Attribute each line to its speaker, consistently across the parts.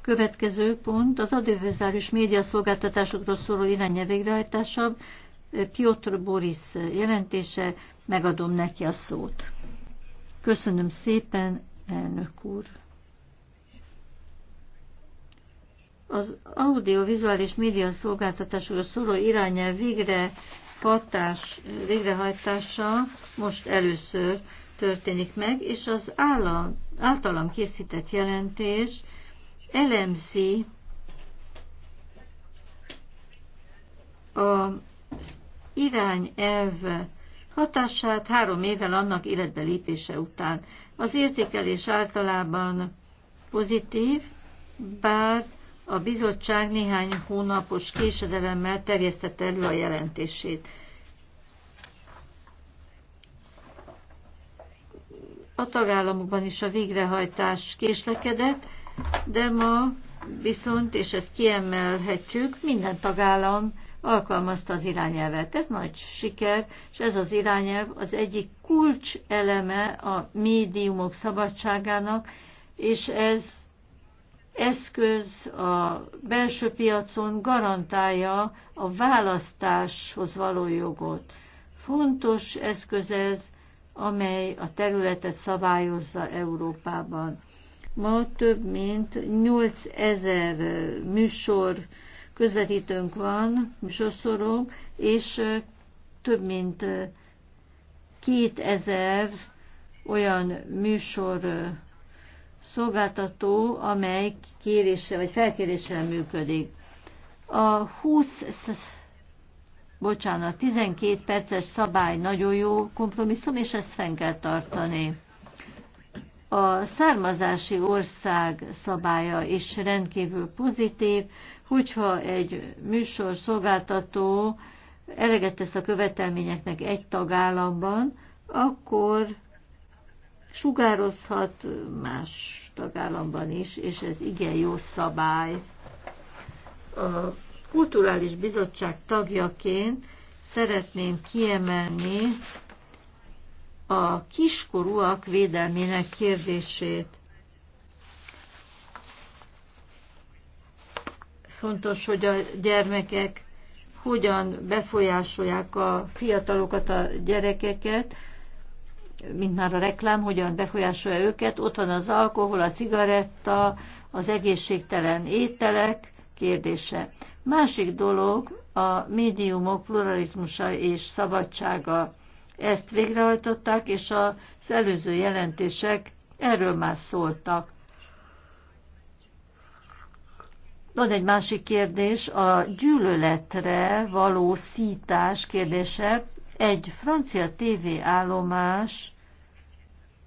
Speaker 1: Következő pont az audiovizuális médiaszolgáltatásokról szóló irányja végrehajtása. Piotr Boris jelentése, megadom neki a szót. Köszönöm szépen, elnök úr. Az audiovizuális médiaszolgáltatásokról szóló irányelv végre hatás, végrehajtása most először történik meg, és az állam, általam készített jelentés elemzi az irányelv hatását három évvel annak életbe lépése után. Az értékelés általában pozitív, bár a bizottság néhány hónapos késedelemmel terjesztette elő a jelentését. A tagállamokban is a végrehajtás késlekedett, de ma viszont, és ezt kiemelhetjük, minden tagállam alkalmazta az irányelvet. Ez nagy siker, és ez az irányelv az egyik kulcs eleme a médiumok szabadságának, és ez eszköz a belső piacon garantálja a választáshoz való jogot. Fontos eszköz ez amely a területet szabályozza Európában. Ma több mint 8000 műsor közvetítőnk van, műsorszorunk, és több mint 2000 olyan műsor szolgáltató, amely kérésre vagy felkérésre működik. A 20 bocsánat, 12 perces szabály nagyon jó kompromisszum, és ezt fenn kell tartani. A származási ország szabálya is rendkívül pozitív, hogyha egy műsor szolgáltató eleget tesz a követelményeknek egy tagállamban, akkor sugározhat más tagállamban is, és ez igen jó szabály. A Kulturális Bizottság tagjaként szeretném kiemelni a kiskorúak védelmének kérdését. Fontos, hogy a gyermekek hogyan befolyásolják a fiatalokat, a gyerekeket, mint már a reklám, hogyan befolyásolja őket. Ott van az alkohol, a cigaretta, az egészségtelen ételek, kérdése. Másik dolog a médiumok pluralizmusa és szabadsága. Ezt végrehajtották, és az előző jelentések erről már szóltak. Van egy másik kérdés, a gyűlöletre való szítás kérdése. Egy francia tévéállomás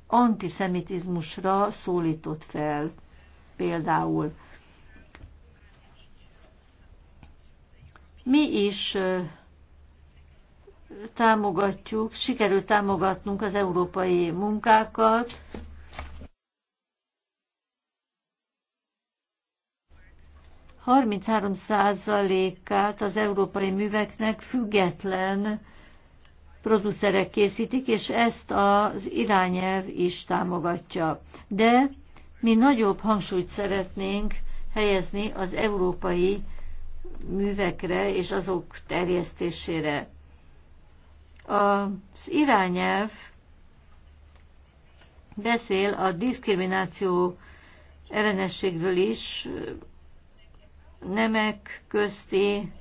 Speaker 1: antiszemitizmusra szólított fel például. Mi is támogatjuk, sikerült támogatnunk az európai munkákat, át az európai műveknek független producerek készítik, és ezt az irányelv is támogatja. De mi nagyobb hangsúlyt szeretnénk helyezni az európai művekre és azok terjesztésére. Az irányelv beszél a diszkrimináció ellenességről is, nemek közti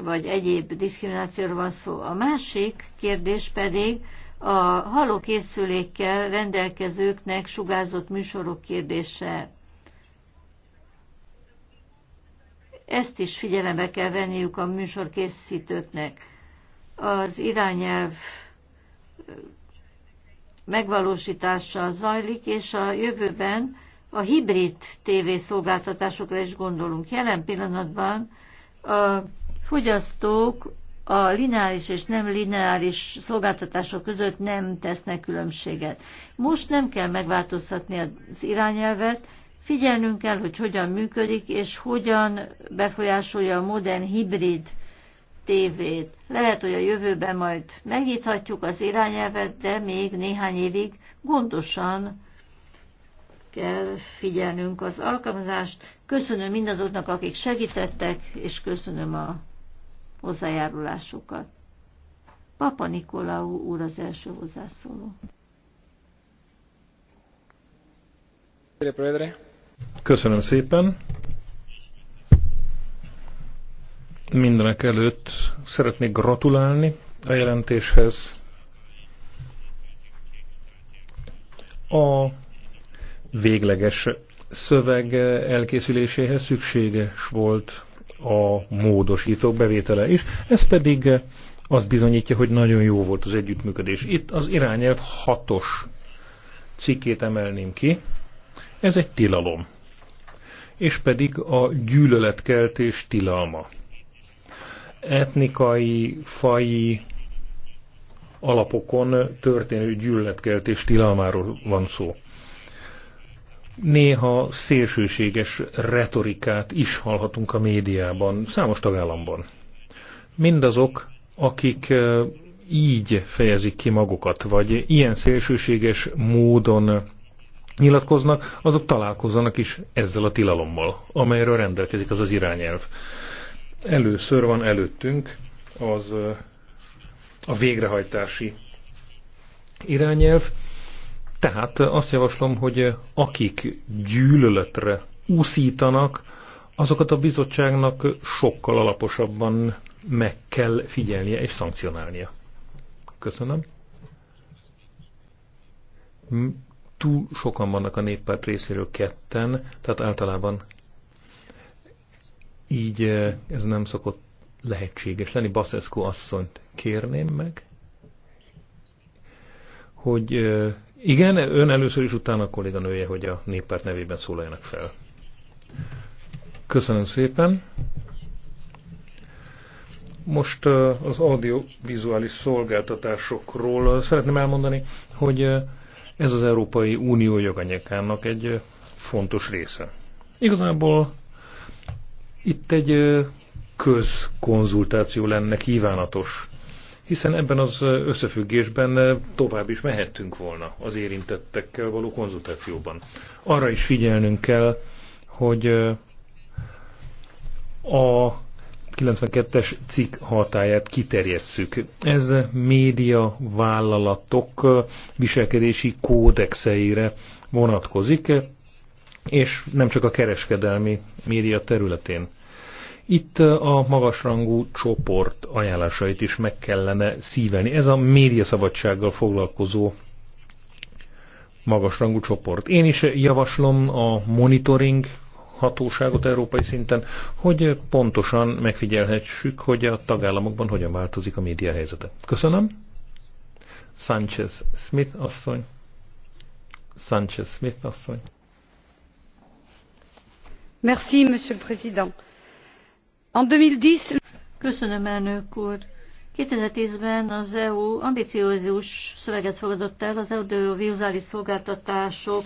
Speaker 1: vagy egyéb diszkriminációról van szó. A másik kérdés pedig a halókészülékkel rendelkezőknek sugázott műsorok kérdése. Ezt is figyelembe kell venniük a műsor készítőknek. Az irányelv megvalósítása zajlik, és a jövőben a hibrid TV szolgáltatásokra is gondolunk. Jelen pillanatban a fogyasztók a lineáris és nem lineáris szolgáltatások között nem tesznek különbséget. Most nem kell megváltoztatni az irányelvet, Figyelnünk kell, hogy hogyan működik, és hogyan befolyásolja a modern hibrid tévét. Lehet, hogy a jövőben majd megnyithatjuk az irányelvet, de még néhány évig gondosan kell figyelnünk az alkalmazást. Köszönöm mindazoknak, akik segítettek, és köszönöm a hozzájárulásukat. Papa Nikolaú úr az első hozzászóló.
Speaker 2: Köszönöm. Köszönöm szépen. Mindenek előtt szeretnék gratulálni a jelentéshez. A végleges szöveg elkészüléséhez szükséges volt a módosítók bevétele is, ez pedig az bizonyítja, hogy nagyon jó volt az együttműködés. Itt az irányelv hatos cikkét emelném ki, ez egy tilalom. És pedig a gyűlöletkeltés tilalma. Etnikai, fai alapokon történő gyűlöletkeltés tilalmáról van szó. Néha szélsőséges retorikát is hallhatunk a médiában, számos tagállamban. Mindazok, akik így fejezik ki magukat, vagy ilyen szélsőséges módon nyilatkoznak, azok találkozzanak is ezzel a tilalommal, amelyről rendelkezik az az irányelv. Először van előttünk az a végrehajtási irányelv, tehát azt javaslom, hogy akik gyűlöletre úszítanak, azokat a bizottságnak sokkal alaposabban meg kell figyelnie és szankcionálnia. Köszönöm túl sokan vannak a néppárt részéről ketten, tehát általában így eh, ez nem szokott lehetséges lenni. Baszeszko asszonyt kérném meg, hogy eh, igen, ön először is utána a kolléganője, hogy a néppárt nevében szólaljanak fel. Köszönöm szépen. Most eh, az audiovizuális szolgáltatásokról szeretném elmondani, hogy ez az Európai Unió joganyagának egy fontos része. Igazából itt egy közkonzultáció lenne kívánatos, hiszen ebben az összefüggésben tovább is mehettünk volna az érintettekkel való konzultációban. Arra is figyelnünk kell, hogy a 92-es cikk hatáját kiterjesszük. Ez média vállalatok viselkedési kódexeire vonatkozik, és nem csak a kereskedelmi média területén. Itt a magasrangú csoport ajánlásait is meg kellene szívelni. Ez a médiaszabadsággal foglalkozó magasrangú csoport. Én is javaslom a monitoring hatóságot európai szinten, hogy pontosan megfigyelhessük, hogy a tagállamokban hogyan változik a média helyzete. Köszönöm. Sanchez Smith asszony. Sanchez Smith asszony.
Speaker 1: Merci, Monsieur le Président. En 2010... Köszönöm, elnök úr. 2010-ben az EU ambiciózus szöveget fogadott el az audiovizuális szolgáltatások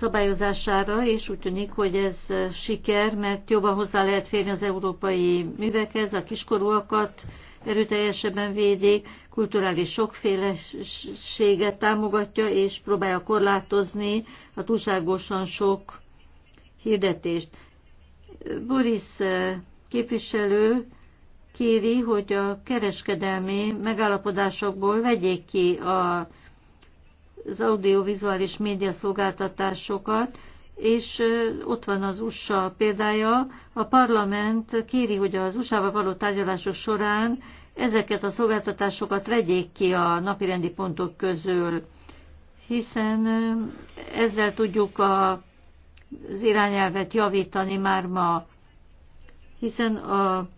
Speaker 1: szabályozására, és úgy tűnik, hogy ez eh, siker, mert jobban hozzá lehet férni az európai művekhez, a kiskorúakat erőteljesebben védik, kulturális sokféleséget támogatja, és próbálja korlátozni a túlságosan sok hirdetést. Boris eh, képviselő kéri, hogy a kereskedelmi megállapodásokból vegyék ki a az audiovizuális média szolgáltatásokat, és ott van az USA példája. A parlament kéri, hogy az USA-val való tárgyalások során ezeket a szolgáltatásokat vegyék ki a napirendi pontok közül, hiszen ezzel tudjuk a, az irányelvet javítani már ma, hiszen a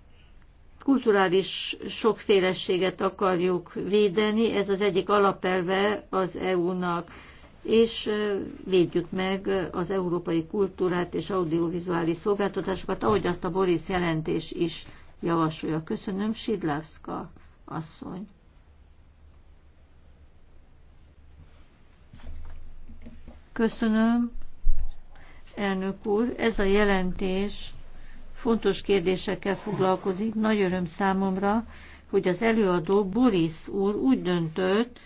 Speaker 1: kulturális sokféleséget akarjuk védeni, ez az egyik alapelve az EU-nak, és védjük meg az európai kultúrát és audiovizuális szolgáltatásokat, ahogy azt a Boris jelentés is javasolja. Köszönöm, Sidlávszka asszony. Köszönöm, elnök úr. Ez a jelentés fontos kérdésekkel foglalkozik. Nagy öröm számomra, hogy az előadó Boris úr úgy döntött,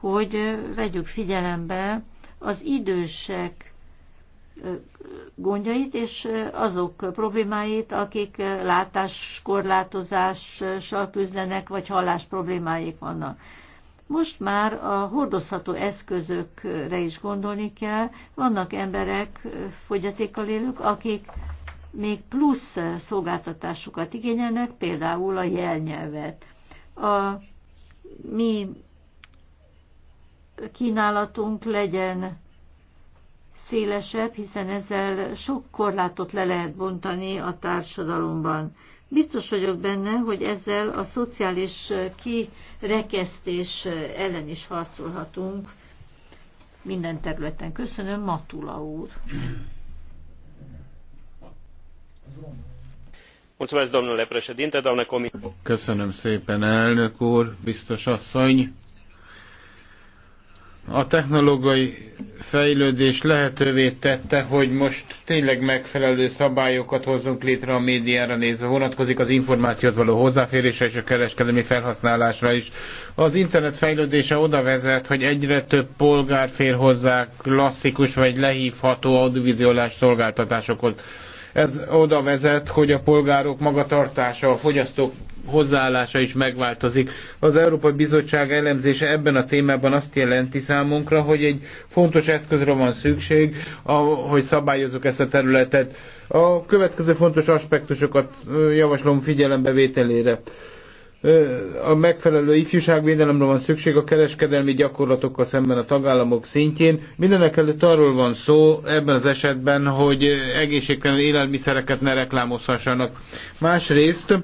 Speaker 1: hogy vegyük figyelembe az idősek gondjait és azok problémáit, akik látáskorlátozással küzdenek, vagy hallás problémáik vannak. Most már a hordozható eszközökre is gondolni kell. Vannak emberek, fogyatékkal élők, akik még plusz szolgáltatásokat igényelnek, például a jelnyelvet. A mi kínálatunk legyen szélesebb, hiszen ezzel sok korlátot le lehet bontani a társadalomban. Biztos vagyok benne, hogy ezzel a szociális kirekesztés ellen is harcolhatunk minden területen. Köszönöm, Matula úr!
Speaker 2: domnule președinte doamnă comisar
Speaker 3: köszönöm szépen elnök úr biztos asszony a technológiai fejlődés lehetővé tette, hogy most tényleg megfelelő szabályokat hozzunk létre a médiára nézve. Vonatkozik az információhoz való hozzáférésre és a kereskedelmi felhasználásra is. Az internet fejlődése oda vezet, hogy egyre több polgár fér hozzá klasszikus vagy lehívható audiovizuális szolgáltatásokhoz. Ez oda vezet, hogy a polgárok magatartása, a fogyasztók hozzáállása is megváltozik. Az Európai Bizottság elemzése ebben a témában azt jelenti számunkra, hogy egy fontos eszközre van szükség, hogy szabályozzuk ezt a területet. A következő fontos aspektusokat javaslom vételére a megfelelő ifjúságvédelemre van szükség a kereskedelmi gyakorlatokkal szemben a tagállamok szintjén. Mindenek előtt arról van szó ebben az esetben, hogy egészségtelen élelmiszereket ne reklámozhassanak. Másrészt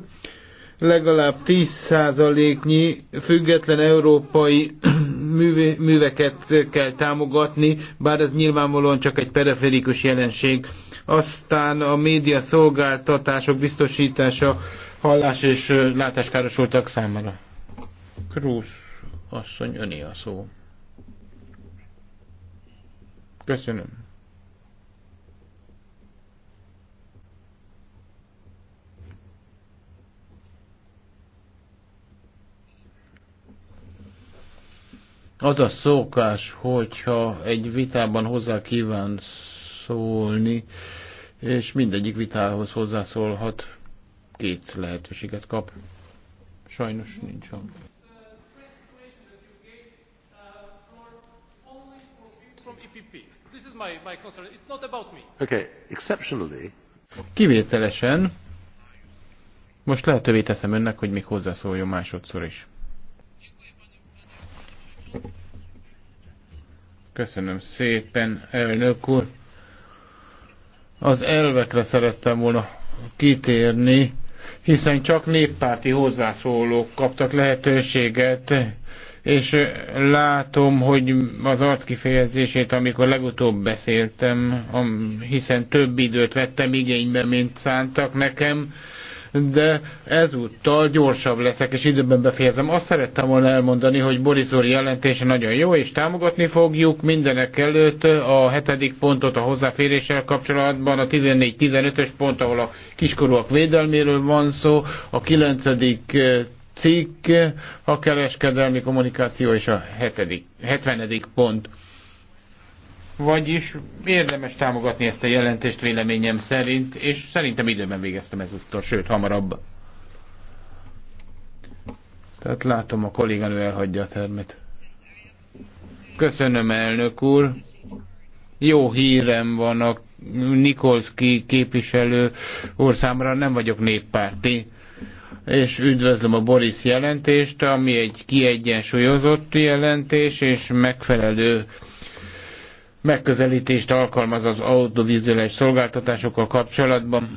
Speaker 3: legalább 10%-nyi független európai műveket kell támogatni, bár ez nyilvánvalóan csak egy periférikus jelenség. Aztán a média szolgáltatások biztosítása hallás és látáskárosultak számára. Krúz asszony, öné a szó. Köszönöm. Az a szokás, hogyha egy vitában hozzá kíván szólni, és mindegyik vitához hozzászólhat két lehetőséget kap. Sajnos nincs hang. Okay, exceptionally. Kivételesen most lehetővé teszem önnek, hogy még hozzászóljon másodszor is. Köszönöm szépen, elnök úr. Az elvekre szerettem volna kitérni, hiszen csak néppárti hozzászólók kaptak lehetőséget, és látom, hogy az arc kifejezését, amikor legutóbb beszéltem, hiszen több időt vettem igénybe, mint szántak nekem, de ezúttal gyorsabb leszek, és időben befejezem. Azt szerettem volna elmondani, hogy Boris úr jelentése nagyon jó, és támogatni fogjuk mindenek előtt a hetedik pontot a hozzáféréssel kapcsolatban, a 14-15-ös pont, ahol a kiskorúak védelméről van szó, a kilencedik eh, cikk, a kereskedelmi kommunikáció és a hetedik, 70. pont. Vagyis érdemes támogatni ezt a jelentést véleményem szerint, és szerintem időben végeztem ezúttal, sőt hamarabb. Tehát látom, a kolléganő elhagyja a termet. Köszönöm, elnök úr. Jó hírem van a Nikolszki képviselő orszámra, nem vagyok néppárti és üdvözlöm a Boris jelentést, ami egy kiegyensúlyozott jelentés, és megfelelő megközelítést alkalmaz az audiovizuális szolgáltatásokkal kapcsolatban.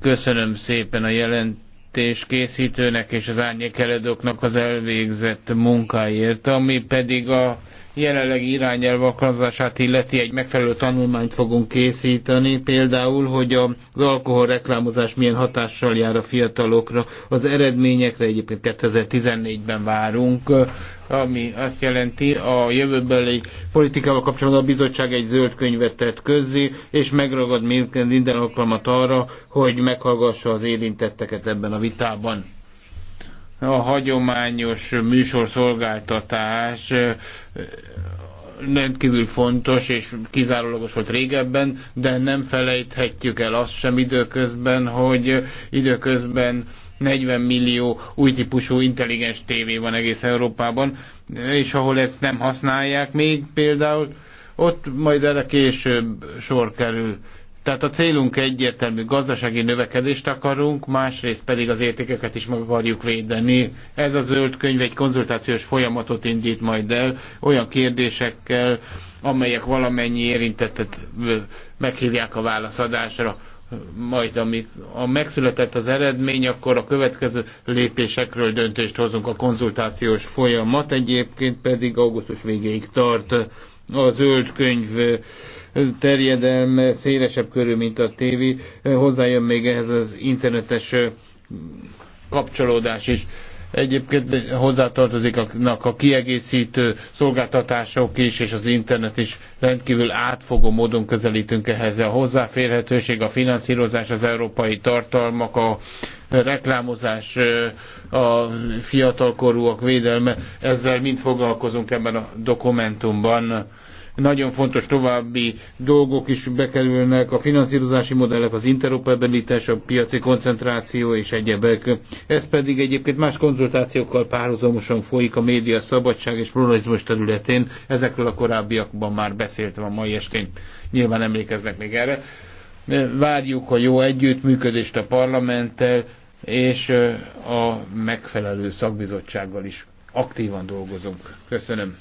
Speaker 3: Köszönöm szépen a jelentés készítőnek és az árnyékelődőknek az elvégzett munkáért, ami pedig a jelenlegi irányelv alkalmazását illeti egy megfelelő tanulmányt fogunk készíteni, például, hogy az alkohol reklámozás milyen hatással jár a fiatalokra. Az eredményekre egyébként 2014-ben várunk, ami azt jelenti, a jövőbeli politikával kapcsolatban a bizottság egy zöld könyvet tett közzé, és megragad minden alkalmat arra, hogy meghallgassa az érintetteket ebben a vitában a hagyományos műsorszolgáltatás rendkívül fontos és kizárólagos volt régebben, de nem felejthetjük el azt sem időközben, hogy időközben 40 millió új típusú intelligens tévé van egész Európában, és ahol ezt nem használják még például, ott majd erre később sor kerül. Tehát a célunk egyértelmű, gazdasági növekedést akarunk, másrészt pedig az értékeket is meg akarjuk védeni. Ez a zöld könyv egy konzultációs folyamatot indít majd el olyan kérdésekkel, amelyek valamennyi érintettet meghívják a válaszadásra majd amit a megszületett az eredmény, akkor a következő lépésekről döntést hozunk. A konzultációs folyamat egyébként pedig augusztus végéig tart a zöld könyv terjedelme szélesebb körül, mint a tévé. Hozzájön még ehhez az internetes kapcsolódás is. Egyébként hozzátartozik a, a kiegészítő szolgáltatások is, és az internet is rendkívül átfogó módon közelítünk ehhez. A hozzáférhetőség, a finanszírozás, az európai tartalmak, a reklámozás, a fiatalkorúak védelme, ezzel mind foglalkozunk ebben a dokumentumban nagyon fontos további dolgok is bekerülnek, a finanszírozási modellek, az interoperabilitás, a piaci koncentráció és egyebek. Ez pedig egyébként más konzultációkkal párhuzamosan folyik a média szabadság és pluralizmus területén. Ezekről a korábbiakban már beszéltem a mai estén. Nyilván emlékeznek még erre. Várjuk a jó együttműködést a parlamenttel, és a megfelelő szakbizottsággal is aktívan dolgozunk. Köszönöm.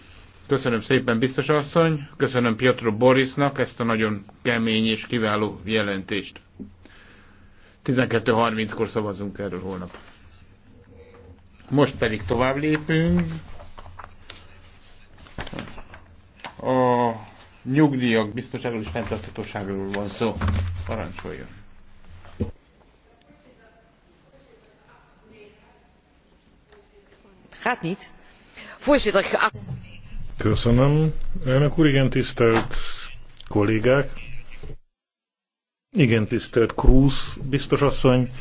Speaker 3: Köszönöm szépen, biztos asszony. Köszönöm Piotr Borisnak ezt a nagyon kemény és kiváló jelentést. 12.30-kor szavazunk erről holnap. Most pedig tovább lépünk. A nyugdíjak biztonságról és fenntarthatóságról van szó. Parancsoljon!
Speaker 1: Hát nincs. Voorzitter, geacht
Speaker 2: Köszönöm. Elnök úr, igen tisztelt kollégák. Igen tisztelt Krúz biztos asszony.